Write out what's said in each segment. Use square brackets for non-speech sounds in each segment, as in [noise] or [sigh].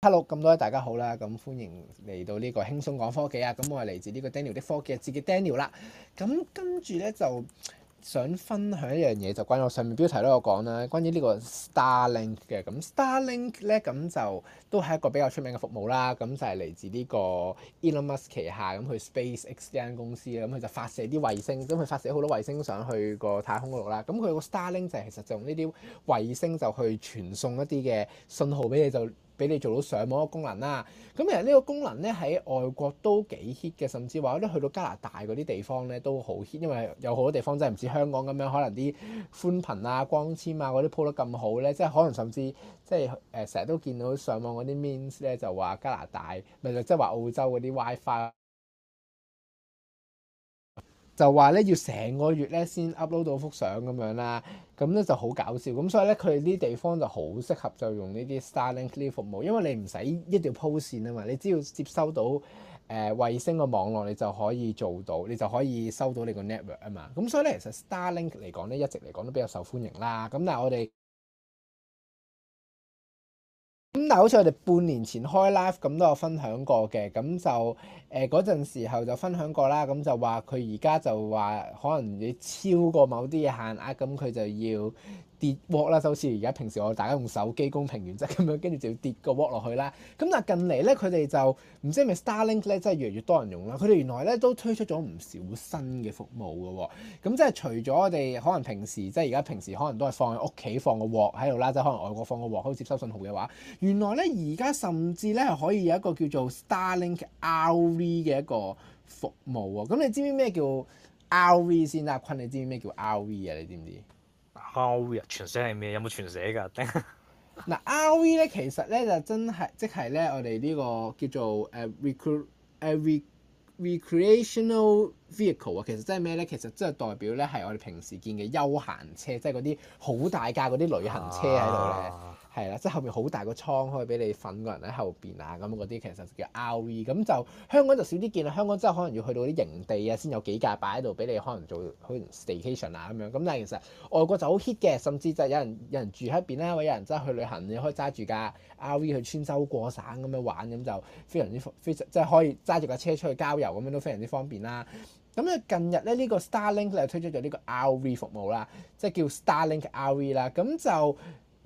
Hello，咁多位大家好啦，咁歡迎嚟到呢個輕鬆講科技啊，咁 [noise] 我係嚟自呢個 Daniel 的科技，自己 Daniel 啦，咁跟住呢就。想分享一樣嘢就關於我上面標題都有講啦，關於個呢個 Starlink 嘅，咁 Starlink 咧，咁就都係一個比較出名嘅服務啦，咁就係嚟自呢個 Elon Musk 旗下，咁佢 SpaceX 呢間公司啦，咁佢就發射啲衛星，咁佢發射好多衛星上去個太空度啦，咁佢個 Starlink 就係其實就用呢啲衛星就去傳送一啲嘅信號俾你就。俾你做到上網嘅功能啦，咁其實呢個功能咧喺外國都幾 hit 嘅，甚至話咧去到加拿大嗰啲地方咧都好 hit，因為有好多地方真係唔似香港咁樣，可能啲寬頻啊、光纖啊嗰啲鋪得咁好咧，即係可能甚至即係誒成日都見到上網嗰啲 means 咧就話加拿大，咪即係話澳洲嗰啲 WiFi。Fi 就話咧要成個月咧先 upload 到幅相咁樣啦，咁咧就好搞笑咁，所以咧佢哋啲地方就好適合就用呢啲 Starlink 啲服務，因為你唔使一定要鋪線啊嘛，你只要接收到誒、呃、衛星嘅網絡，你就可以做到，你就可以收到你個 network 啊嘛，咁所以咧其實 Starlink 嚟講咧一直嚟講都比較受歡迎啦，咁但係我哋。但係好似我哋半年前開 live 咁都有分享過嘅，咁就誒嗰陣時候就分享過啦，咁就話佢而家就話可能你超過某啲嘅限額，咁佢就要。跌鑊啦，就好似而家平時我大家用手機公平原則咁樣，跟住就要跌個鑊落去啦。咁但係近嚟咧，佢哋就唔知係咪 Starlink 咧，真係越嚟越多人用啦。佢哋原來咧都推出咗唔少新嘅服務嘅喎。咁即係除咗我哋可能平時即係而家平時可能都係放喺屋企放個鑊喺度啦，即係可能外國放個鑊可以接收信號嘅話，原來咧而家甚至咧係可以有一個叫做 Starlink RV 嘅一個服務喎。咁你知唔知咩叫 RV 先啦？坤，你知唔知咩叫 RV 啊？你知唔知啊？R.V. 全寫係咩？有冇全寫㗎？頂。 [laughs] 嗱 R.V. 咧，其實咧就真係，即係咧我哋呢個叫做誒 recreational vehicle 啊，其實即係咩咧？其實即係代表咧係我哋平時見嘅休閒車，即係嗰啲好大架嗰啲旅行車喺度咧。啊係啦，即係後面好大個倉可以俾你瞓個人喺後邊啊，咁嗰啲其實就叫 RV，咁就香港就少啲見啦。香港真係可能要去到啲營地啊，先有幾架擺喺度俾你可，可能做好 staycation 啊咁樣。咁但係其實外國就好 hit 嘅，甚至就有人有人住喺邊啦，或有人真係去旅行，你可以揸住架 RV 去穿州過省咁樣玩，咁就非常之非即係可以揸住架車出去郊遊，咁樣都非常之方便啦。咁咧近日咧呢、呢個 Starlink 又推出咗呢個 RV 服務啦，即係叫 Starlink RV 啦，咁就。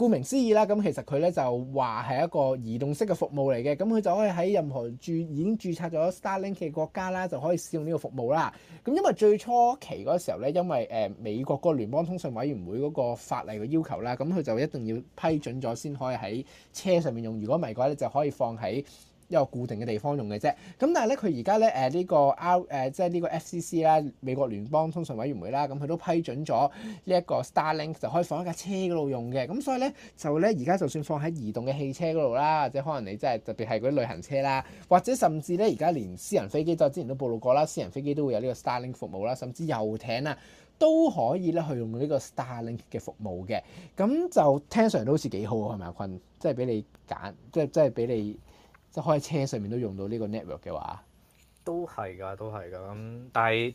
顧名思義啦，咁其實佢咧就話係一個移動式嘅服務嚟嘅，咁佢就可以喺任何註已經註冊咗 Starlink 嘅國家啦，就可以使用呢個服務啦。咁因為最初期嗰時候咧，因為誒美國個聯邦通訊委員會嗰個法例嘅要求啦，咁佢就一定要批准咗先可以喺車上面用，如果唔係嘅話咧，就可以放喺一個固定嘅地方用嘅啫。咁但係咧，佢而家咧誒呢個 o u 即係呢個 FCC 啦，美國聯邦通訊委員會啦，咁佢都批准咗呢一個 Starlink 就可以放喺架車嗰度用嘅。咁所以咧就咧而家就算放喺移動嘅汽車嗰度啦，或者可能你即係特別係嗰啲旅行車啦，或者甚至咧而家連私人飛機就之前都暴露過啦，私人飛機都會有呢個 Starlink 服務啦，甚至遊艇啊都可以咧去用呢個 Starlink 嘅服務嘅。咁就聽上嚟都好似幾好，係咪？阿坤，即係俾你揀，即係即係俾你。即係開喺車上面都用到呢個 network 嘅話，都係噶，都係噶。咁但係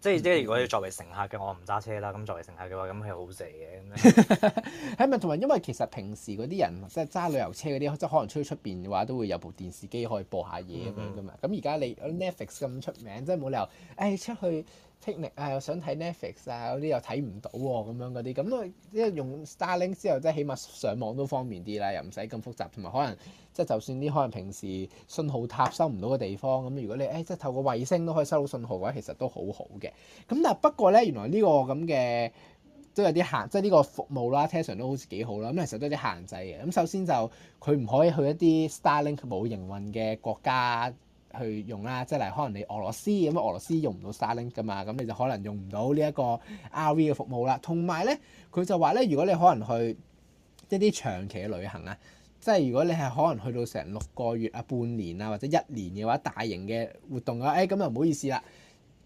即係即係，如果你作為乘客嘅，我唔揸車啦。咁作為乘客嘅話，咁係好正嘅。係咪？同埋因為其實平時嗰啲人即係揸旅遊車嗰啲，即係可能出去出面嘅話，都會有部電視機可以播下嘢咁樣噶嘛。咁而家你 Netflix 咁出名，真係冇理由誒、哎、出去。聽力啊，又想睇 Netflix 啊，嗰啲又睇唔到喎、啊，咁樣嗰啲，咁都即係用 Starlink 之後，即係起碼上網都方便啲啦，又唔使咁複雜，同埋可能即係就算啲可能平時信號塔收唔到嘅地方，咁如果你誒即係透過衛星都可以收到信號嘅話，其實都好好嘅。咁但係不過咧，原來呢個咁嘅都有啲限，即係呢個服務啦，function、啊、都好似幾好啦。咁、嗯、其實都有啲限制嘅。咁首先就佢唔可以去一啲 Starlink 冇營運嘅國家。去用啦，即係可能你俄羅斯咁啊，俄羅斯用唔到沙 a l 噶嘛，咁你就可能用唔到呢一個 RV 嘅服務啦。同埋咧，佢就話咧，如果你可能去一啲長期嘅旅行咧，即係如果你係可能去到成六個月啊、半年啊或者一年嘅話，大型嘅活動啊，誒、哎、咁就唔好意思啦。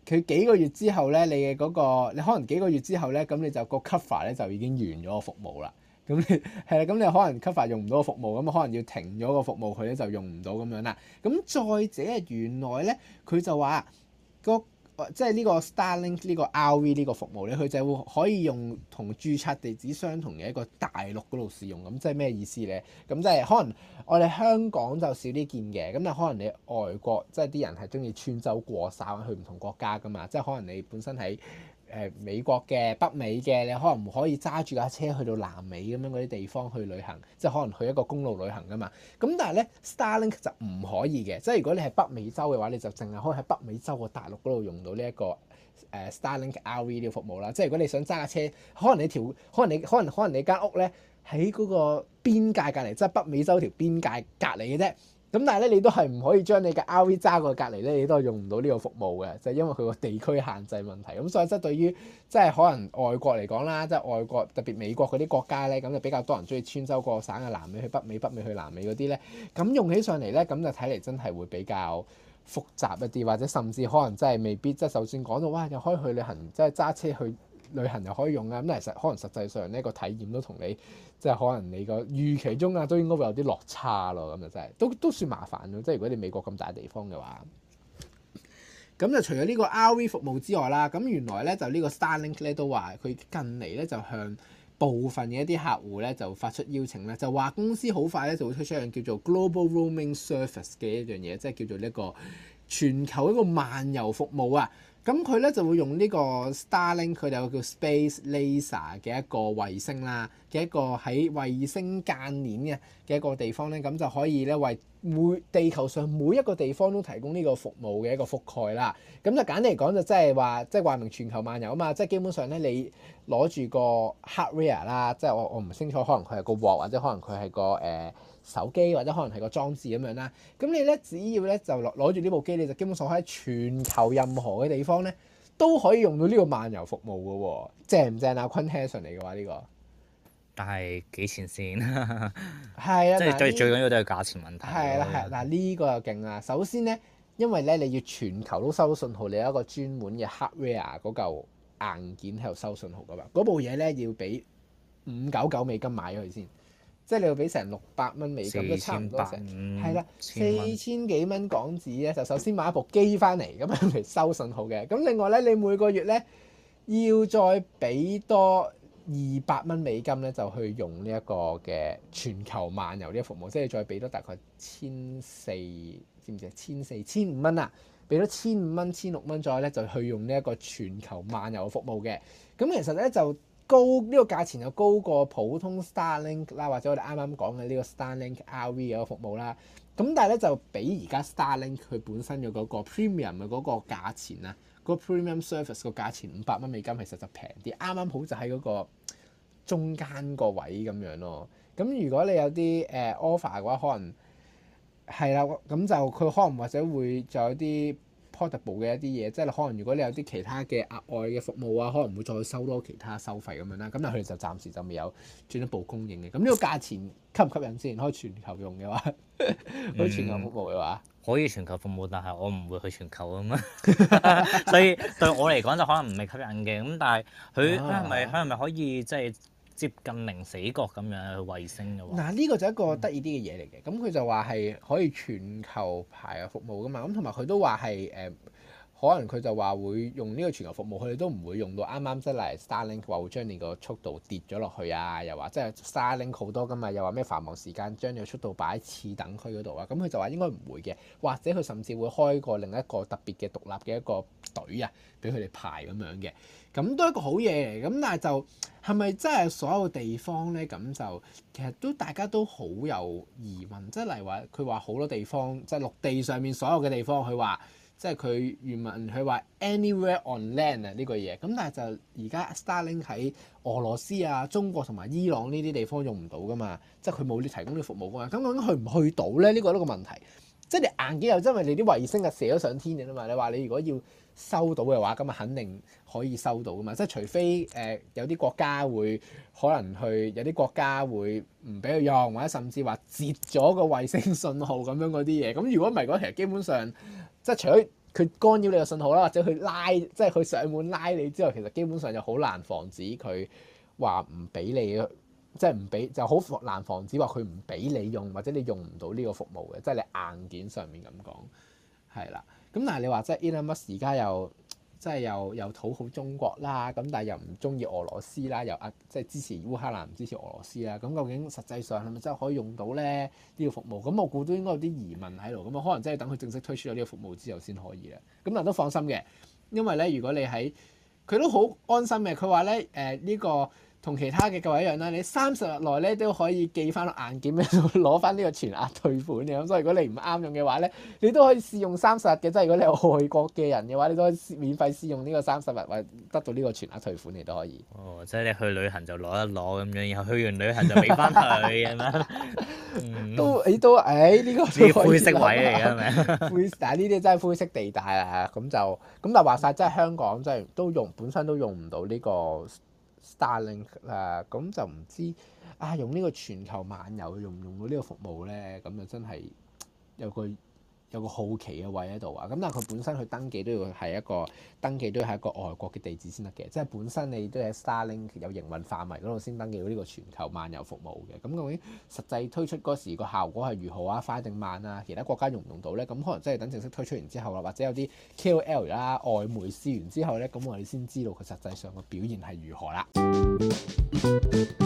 佢幾個月之後咧，你嘅嗰，那個你可能幾個月之後咧，咁你就個 cover 咧就已經完咗個服務啦。咁係啦，咁你、 [laughs] 嗯、可能 cover 用唔到個服務，咁啊可能要停咗個服務，佢咧就用唔到咁樣啦。咁再者，原來咧佢就話即係呢個 Starlink 呢個 RV 呢個服務咧，佢就會可以用同註冊地址相同嘅一個大陸嗰度使用，咁即係咩意思咧？咁即係可能我哋香港就少啲見嘅，咁但可能你外國即係啲人係中意穿州過省去唔同國家㗎嘛，即係可能你本身喺。誒、呃、美國嘅北美嘅，你可能唔可以揸住架車去到南美咁樣嗰啲地方去旅行，即係可能去一個公路旅行㗎嘛。咁但係咧，Starlink 就唔可以嘅。即係如果你係北美洲嘅話，你就淨係可，可以喺北美洲個大陸嗰度用到呢、這、一個誒、呃、Starlink RV 呢個服務啦。即係如果你想揸架車，可能你條，可能你可能可能你間屋咧喺嗰個邊界隔離，即係北美洲條邊界隔離嘅啫。咁但係咧，你都係唔可以將你嘅 RV 揸過隔離咧，你都係用唔到呢個服務嘅，就係因為佢個地區限制問題。咁所以即係對於即係可能外國嚟講啦，即係外國特別美國嗰啲國家咧，咁就比較多人中意穿州過省嘅南美去北美，北美去南美嗰啲咧，咁用起上嚟咧，咁就睇嚟真係會比較複雜一啲，或者甚至可能真係未必，即係就算講到哇，又可以去旅行，即係揸車去。旅行又可以用啊，咁其實可能實際上呢個體驗都同你即係、就是、可能你個預期中啊，都應該會有啲落差咯，咁就真係都都算麻煩咯。即係如果你美國咁大地方嘅話，咁就除咗呢個 RV 服務之外啦，咁原來咧就個呢個 Starlink 咧都話佢近嚟咧就向部分嘅一啲客戶咧就發出邀請咧，就話公司好快咧就會推出一樣叫做 Global Roaming Service 嘅一樣嘢，即係叫做呢一個全球一個漫遊服務啊。咁佢咧就會用呢個 Starlink，佢哋有個叫 Space Laser 嘅一個衛星啦，嘅一個喺衛星間鏈嘅嘅一個地方咧，咁就可以咧為每地球上每一個地方都提供呢個服務嘅一個覆蓋啦。咁就簡單嚟講就即係話即係話明全球漫遊啊嘛。即係基本上咧，你攞住個 hardware 啦，即係我我唔清楚，可能佢係個鑊或者可能佢係個誒、呃、手機或者可能係個裝置咁樣啦。咁你咧只要咧就攞攞住呢部機你就基本上可以喺全球任何嘅地方。咧都可以用到呢個漫遊服務嘅喎、哦，正唔正啊？connection 嚟嘅話呢個，但係幾錢先？係啊，即係是但 最最緊要都係價錢問題。係啦、啊，係嗱、啊，呢個又勁啊！首先咧，因為咧你要全球都收到信號，你有一個專門嘅 hardware 嗰嚿硬件喺度收信號嘅嘛，嗰部嘢咧要俾五九九美金買咗佢先。即係你要俾成六百蚊美金都 4, 差唔多成，係啦 5, 的，四千幾蚊港紙咧就首先買一部機翻嚟咁樣嚟收信號嘅。咁另外咧，你每個月咧要再俾多二百蚊美金咧就去用呢一個嘅全球漫遊呢個服務，即係再俾多大概千四，知唔知啊？千四千五蚊啊，俾多千五蚊、千六蚊左右咧就去用呢一個全球漫遊嘅服務嘅。咁其實咧就。高呢個價錢又高過普通 Starlink 啦，或者我哋啱啱講嘅呢個 Starlink RV 嘅服務啦。咁但係咧就比而家 Starlink 佢本身嘅嗰個 premium 嘅嗰個價錢啊，個 premium service 個價錢五百蚊美金，其實就平啲。啱啱好就喺嗰個中間個位咁樣咯。咁如果你有啲誒 offer 嘅話，可能係啦，咁就佢可能或者會就有啲。portable 嘅一啲嘢，即係可能如果你有啲其他嘅額外嘅服務啊，可能會再收多其他收費咁樣啦。咁但佢哋就暫時就未有進一步供應嘅。咁呢個價錢吸唔吸引先？開全球用嘅話，開、嗯、 [laughs] 全球服務嘅話，可以全球服務，但係我唔會去全球啊嘛。 [laughs] [laughs] 所以對我嚟講就可能唔係吸引嘅。咁但係佢係咪？佢係咪可以即係？就是接近零死角咁樣嘅衛星嘅喎，嗱呢個就一個得意啲嘅嘢嚟嘅，咁佢、嗯、就話係可以全球排嘅服務噶嘛，咁同埋佢都話係誒，可能佢就話會用呢個全球服務，佢哋都唔會用到啱啱出嚟，Starlink 話會將你個速度跌咗落去啊，又話即係 Starlink 好多噶嘛，又話咩繁忙時間將你個速度擺喺次等區嗰度啊，咁佢就話應該唔會嘅，或者佢甚至會開個另一個特別嘅獨立嘅一個。隊啊，俾佢哋排咁樣嘅，咁都係一個好嘢嚟。咁但係就係咪真係所有地方呢？咁就其實都大家都好有疑問，即係例如話佢話好多地方即係陸地上面所有嘅地方，佢話即係佢原文佢話 anywhere on land 呢個嘢。咁但係就而家 Starlink 喺俄羅斯啊、中國同埋伊朗呢啲地方用唔到㗎嘛？即係佢冇提供呢個服務嘅嘛？咁究竟去唔去到呢？呢個都個問題。即係你硬件又因為你啲衛星啊射咗上天嘅啦嘛？你話你如果要。收到嘅話，咁啊肯定可以收到噶嘛。即係除非誒、呃、有啲國家會可能去，有啲國家會唔俾佢用，或者甚至話截咗個衛星信號咁樣嗰啲嘢。咁如果唔係，嗰其實基本上即係除咗佢干擾你嘅信號啦，或者佢拉即係佢上門拉你之外，其實基本上就好難防止佢話唔俾你即係唔俾就好難防止話佢唔俾你用，或者你用唔到呢個服務嘅。即係你硬件上面咁講係啦。咁但係你話即係 Elon Musk 而家又即係又又討好中國啦，咁但係又唔中意俄羅斯啦，又呃即係支持烏克蘭唔支持俄羅斯啦，咁究竟實際上係咪真係可以用到咧呢、這個服務？咁我估都應該有啲疑問喺度，咁啊可能真係等佢正式推出咗呢個服務之後先可以啦。咁但都放心嘅，因為咧如果你喺佢都好安心嘅，佢話咧誒呢、呃這個。同其他嘅計劃一樣啦，你三十日內咧都可以寄翻個硬件俾佢攞翻呢個全額退款嘅，咁、嗯、所以如果你唔啱用嘅話咧，你都可以試用三十日嘅，即係如果你係外國嘅人嘅話，你都可以免費試用呢個三十日或者得到呢個全額退款，你都可以。哦，即係你去旅行就攞一攞咁樣，然後去完旅行就俾翻佢嘅嘛。都你、哎這個、都誒呢個灰色位嚟嘅係咪？灰 [laughs] 色，但係呢啲真係灰色地帶啊，咁就咁但係話晒，即係香港即係都用本身都用唔到呢個。Starlink 啊，咁就唔知啊，用呢個全球漫遊用唔用到呢個服務咧？咁就真係有個。有個好奇嘅位喺度啊，咁但係佢本身佢登記都要係一個登記都要係一個外國嘅地址先得嘅，即係本身你都喺 Starlink 有營運範圍嗰度先登記到呢個全球漫遊服務嘅。咁究竟實際推出嗰時個效果係如何啊？快定 [music] 慢啊？其他國家用唔用到呢？咁可能真係等正式推出完之後啦，或者有啲 KOL 啦、外媒試完之後呢。咁我哋先知道佢實際上個表現係如何啦。 [music]